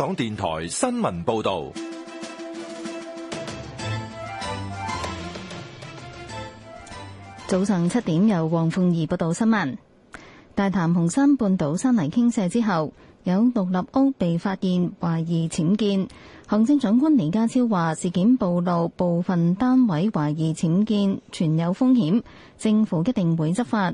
港電台新聞報道，早上七點由黃鳳儀報道新聞。大潭紅山半島山泥傾瀉之後，有獨立屋被發現懷疑僭建。行政長官李家超話事件暴露部分單位懷疑僭建，存有風險。政府一定會執法。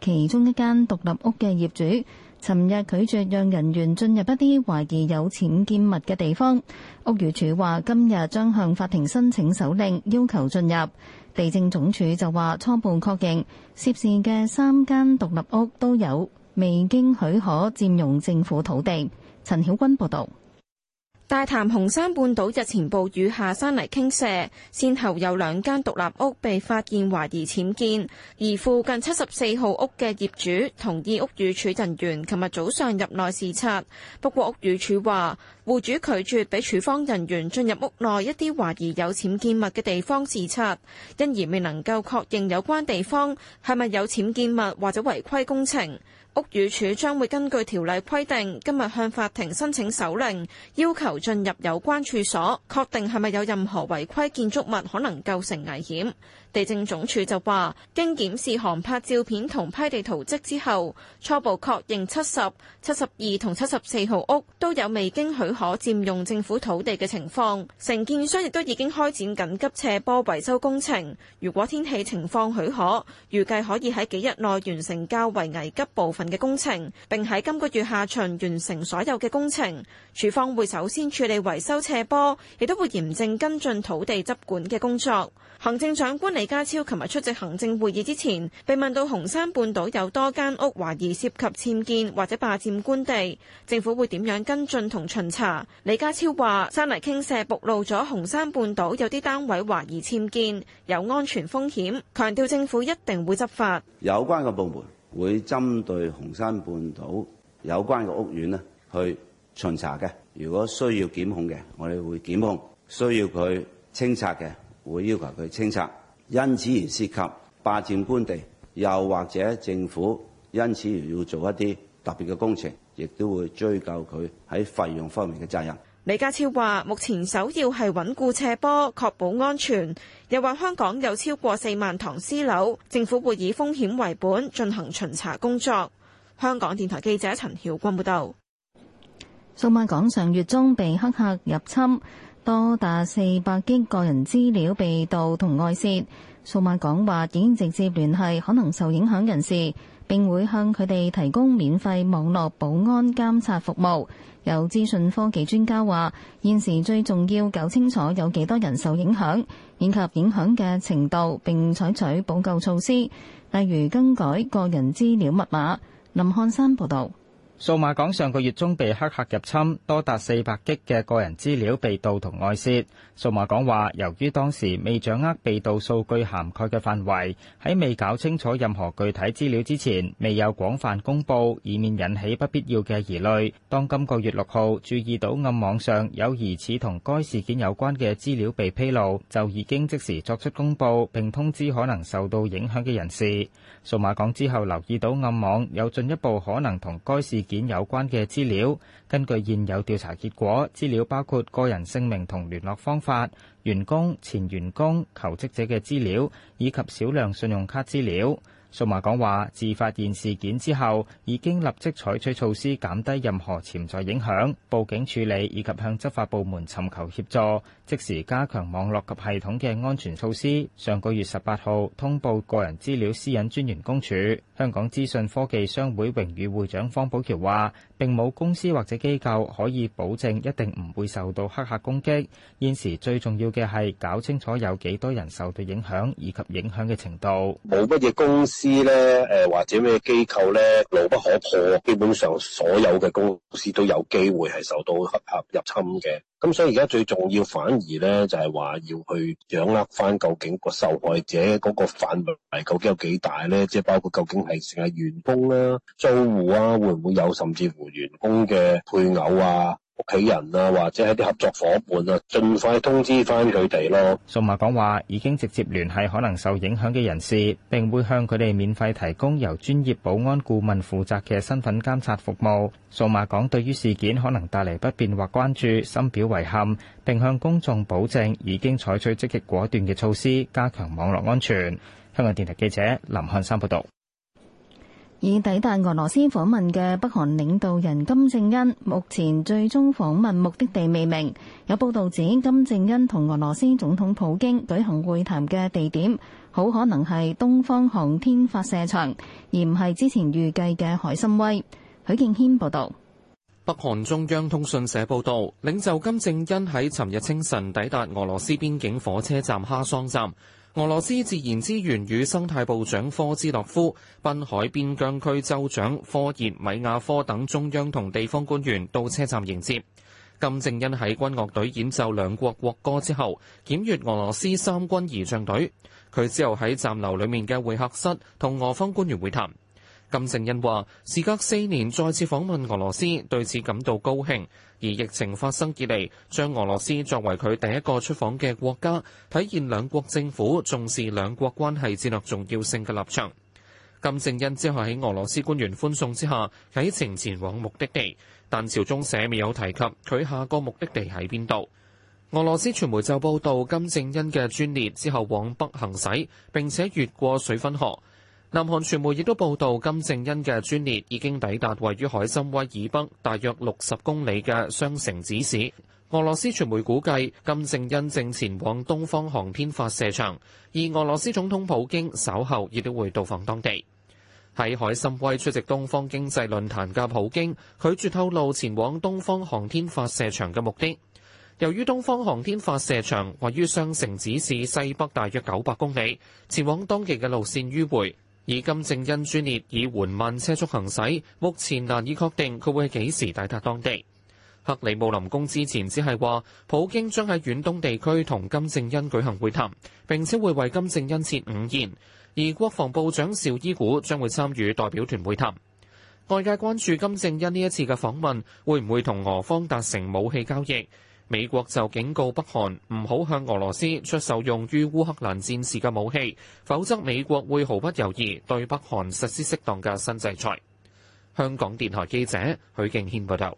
其中一間獨立屋嘅業主。尋日拒絕讓人員進入一啲懷疑有僭建物嘅地方，屋宇署話今日將向法庭申請手令，要求進入。地政總署就話初步確認涉事嘅三間獨立屋都有未經許可佔用政府土地。陳曉君報道。大潭紅山半島日前暴雨下山泥傾瀉，先後有兩間獨立屋被發現懷疑僭建，而附近七十四號屋嘅業主同意屋宇署人員琴日早上入內視察，不過屋宇署話戶主拒絕俾署方人員進入屋內一啲懷疑有僭建物嘅地方視察，因而未能夠確認有關地方係咪有僭建物或者違規工程。屋宇署將會根據條例規定，今日向法庭申請手令，要求進入有關處所，確定係咪有任何違規建築物可能構成危險。地政總署就話，經檢視航拍照片同批地圖則之後，初步確認七十、七十二同七十四號屋都有未經許可佔用政府土地嘅情況。承建商亦都已經開展緊急斜坡維修工程，如果天氣情況許可，預計可以喺幾日內完成較為危急部分。嘅工程，並喺今個月下旬完成所有嘅工程。署方會首先處理維修斜坡，亦都會嚴正跟進土地執管嘅工作。行政長官李家超琴日出席行政會議之前，被問到紅山半島有多間屋懷疑涉及僭建或者霸佔官地，政府會點樣跟進同巡查？李家超話：山泥傾瀉暴露咗紅山半島有啲單位懷疑僭建，有安全風險，強調政府一定會執法。有關嘅部門。會針對紅山半島有關嘅屋苑呢，去巡查嘅。如果需要檢控嘅，我哋會檢控；需要佢清拆嘅，會要求佢清拆。因此而涉及霸佔官地，又或者政府因此而要做一啲特別嘅工程，亦都會追究佢喺費用方面嘅責任。李家超話：目前首要係穩固斜坡，確保安全。又話香港有超過四萬幢私樓，政府會以風險為本進行巡查工作。香港電台記者陳曉君報道，數碼港上月中被黑客入侵，多達四百億個人資料被盜同外泄。數碼港話已經直接聯繫可能受影響人士。並會向佢哋提供免費網絡保安監察服務，有資訊科技專家話現時最重要搞清楚有幾多人受影響，以及影響嘅程度，並採取補救措施，例如更改個人資料密碼。林漢山報道。數碼港上個月中被黑客入侵，多達四百 GB 嘅個人資料被盜同外泄。數碼港話，由於當時未掌握被盜數據涵蓋嘅範圍，喺未搞清楚任何具體資料之前，未有廣泛公布，以免引起不必要嘅疑慮。當今個月六號注意到暗網上有疑似同該事件有關嘅資料被披露，就已經即時作出公布，並通知可能受到影響嘅人士。數碼港之後留意到暗網有進一步可能同該事件，件有關嘅資料，根據現有調查結果，資料包括個人姓名同聯絡方法、員工、前員工、求職者嘅資料，以及少量信用卡資料。數碼港話自發現事件之後，已經立即採取措施減低任何潛在影響，報警處理以及向執法部門尋求協助，即時加強網絡及系統嘅安全措施。上個月十八號通報個人資料私隱專員公署。香港資訊科技商會榮譽會長方寶橋話：並冇公司或者機構可以保證一定唔會受到黑客攻擊。現時最重要嘅係搞清楚有幾多人受到影響以及影響嘅程度。冇乜嘢公司。知咧，誒或者咩機構咧，牢不可破，基本上所有嘅公司都有機會係受到黑客入侵嘅。咁所以而家最重要，反而咧就係、是、話要去掌握返究竟個受害者嗰個範圍究竟有幾大咧，即係包括究竟係成日員工啦、啊、租戶啊，會唔會有，甚至乎員工嘅配偶啊？企人啊，或者一啲合作夥伴啊，盡快通知翻佢哋咯。數碼港話已經直接聯繫可能受影響嘅人士，並會向佢哋免費提供由專業保安顧問負責嘅身份監察服務。數碼港對於事件可能帶嚟不便或關注，深表遺憾，並向公眾保證已經採取積極果斷嘅措施加強網絡安全。香港電台記者林漢山報道。已抵達俄羅斯訪問嘅北韓領導人金正恩，目前最終訪問目的地未明。有報道指，金正恩同俄羅斯總統普京舉行會談嘅地點，好可能係東方航天發射場，而唔係之前預計嘅海參崴。許敬軒報道。北韓中央通訊社報導，領袖金正恩喺尋日清晨抵達俄羅斯邊境火車站哈桑站，俄羅斯自然資源與生態部長科茲洛夫、濱海邊疆區州長科熱米亞科等中央同地方官員到車站迎接。金正恩喺軍樂隊演奏兩國國歌之後，檢閱俄羅斯三軍儀仗隊。佢之後喺站樓裡面嘅會客室同俄方官員會談。金正恩話，時隔四年再次訪問俄羅斯，對此感到高興。而疫情發生以嚟，將俄羅斯作為佢第一個出訪嘅國家，體現兩國政府重視兩國關係戰略重要性嘅立場。金正恩之後喺俄羅斯官員歡送之下，啟程前往目的地。但朝中社未有提及佢下個目的地喺邊度。俄羅斯傳媒就報導金正恩嘅專列之後往北行駛，並且越過水分河。南韓傳媒亦都報道，金正恩嘅專列已經抵達位於海參崴以北大約六十公里嘅雙城子市。俄羅斯傳媒估計，金正恩正前往東方航天發射場，而俄羅斯總統普京稍後亦都會到訪當地。喺海參崴出席東方經濟論壇嘅普京拒絕透露前往東方航天發射場嘅目的。由於東方航天發射場位於雙城子市西北大約九百公里，前往當地嘅路線迂迴。而金正恩專列以緩慢車速行駛，目前難以確定佢會係幾時抵達當地。克里姆林宮之前只係話，普京將喺遠東地區同金正恩舉行會談，並且會為金正恩設午宴，而國防部長邵伊古將會參與代表團會談。外界關注金正恩呢一次嘅訪問會唔會同俄方達成武器交易。美國就警告北韓唔好向俄羅斯出售用於烏克蘭戰事嘅武器，否則美國會毫不猶豫對北韓實施適當嘅新制裁。香港電台記者許敬軒報道。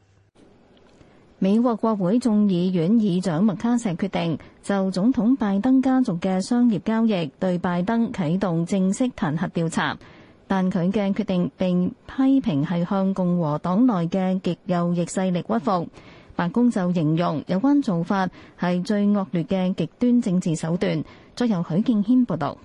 美國國會眾議院議長麥卡錫決定就總統拜登家族嘅商業交易對拜登啟動正式彈劾調查，但佢嘅決定並批評係向共和黨內嘅極右翼勢力屈服。白宮就形容有關做法係最惡劣嘅極端政治手段。再由許敬軒報道。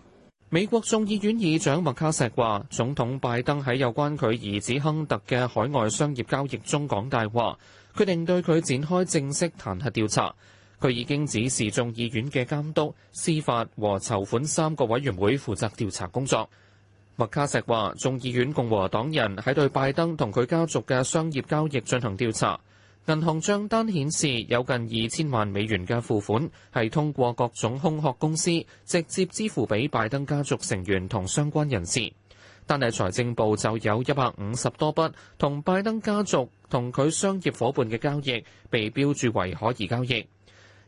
美國眾議院議長麥卡錫話，總統拜登喺有關佢兒子亨特嘅海外商業交易中講大話，決定對佢展開正式彈劾調查。佢已經指示眾議院嘅監督、司法和籌款三個委員會負責調查工作。麥卡錫話，眾議院共和黨人喺對拜登同佢家族嘅商業交易進行調查。銀行賬單顯示有近二千萬美元嘅付款係通過各種空殼公司直接支付俾拜登家族成員同相關人士。但係財政部就有一百五十多筆同拜登家族同佢商業夥伴嘅交易被標注為可疑交易。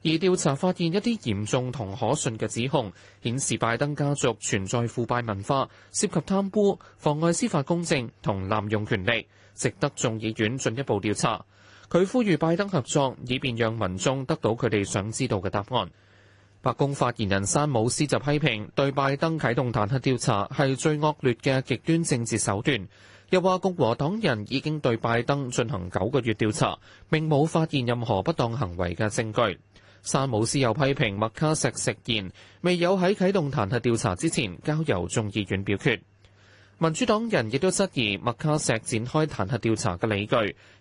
而調查發現一啲嚴重同可信嘅指控，顯示拜登家族存在腐敗文化，涉及貪污、妨礙司法公正同濫用權力，值得眾議院進一步調查。佢呼籲拜登合作，以便讓民眾得到佢哋想知道嘅答案。白宮發言人山姆斯就批評對拜登啟動彈劾調查係最惡劣嘅極端政治手段，又話共和黨人已經對拜登進行九個月調查，並冇發現任何不當行為嘅證據。山姆斯又批評麥卡錫食，食言，未有喺啟動彈劾調查之前交由眾議院表決。民主黨人亦都質疑麥卡錫展開彈劾調查嘅理據，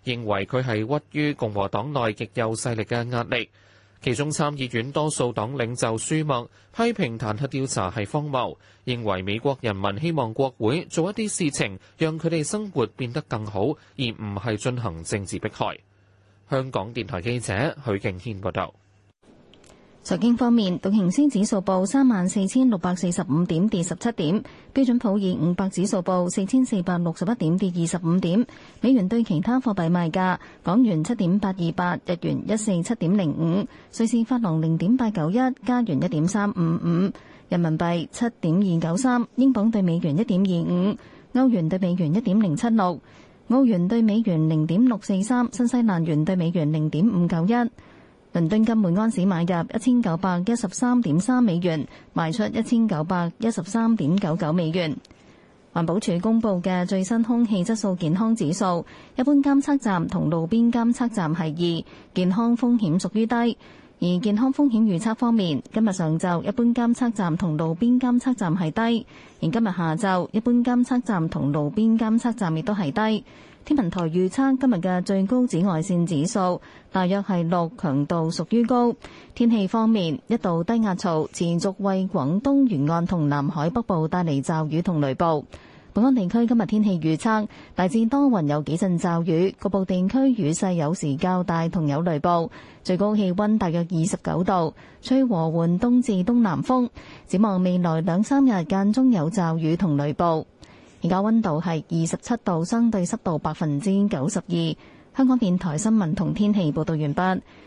認為佢係屈於共和黨內極右勢力嘅壓力。其中參議院多數黨領袖舒默批評彈劾調查係荒謬，認為美國人民希望國會做一啲事情，讓佢哋生活變得更好，而唔係進行政治迫害。香港電台記者許敬軒報道。財經方面，道瓊斯指數報三萬四千六百四十五點，跌十七點，標準普爾五百指數報四千四百六十一點，跌二十五點。美元對其他貨幣賣價，港元七點八二八，日元一四七點零五，瑞士法郎零點八九一，加元一點三五五，人民幣七點二九三，英鎊對美元一點二五，歐元對美元一點零七六，澳元對美元零點六四三，新西蘭元對美元零點五九一。倫敦金每安士買入一千九百一十三點三美元，賣出一千九百一十三點九九美元。環保署公布嘅最新空氣質素健康指數，一般監測站同路邊監測站係二，健康風險屬於低。而健康風險預測方面，今日上晝一般監測站同路邊監測站係低，而今日下晝一般監測站同路邊監測站亦都係低。天文台預測今日嘅最高紫外線指數大約係六，強度屬於高。天氣方面，一道低壓槽持續為廣東沿岸同南海北部帶嚟驟雨同雷暴。本港地區今日天氣預測大致多雲，有幾陣驟雨，局部地區雨勢有時較大，同有雷暴。最高氣温大約二十九度，吹和緩東至東南風。展望未來兩三日間中有驟雨同雷暴。而家溫度係二十七度，相對濕度百分之九十二。香港電台新聞同天氣報道完畢。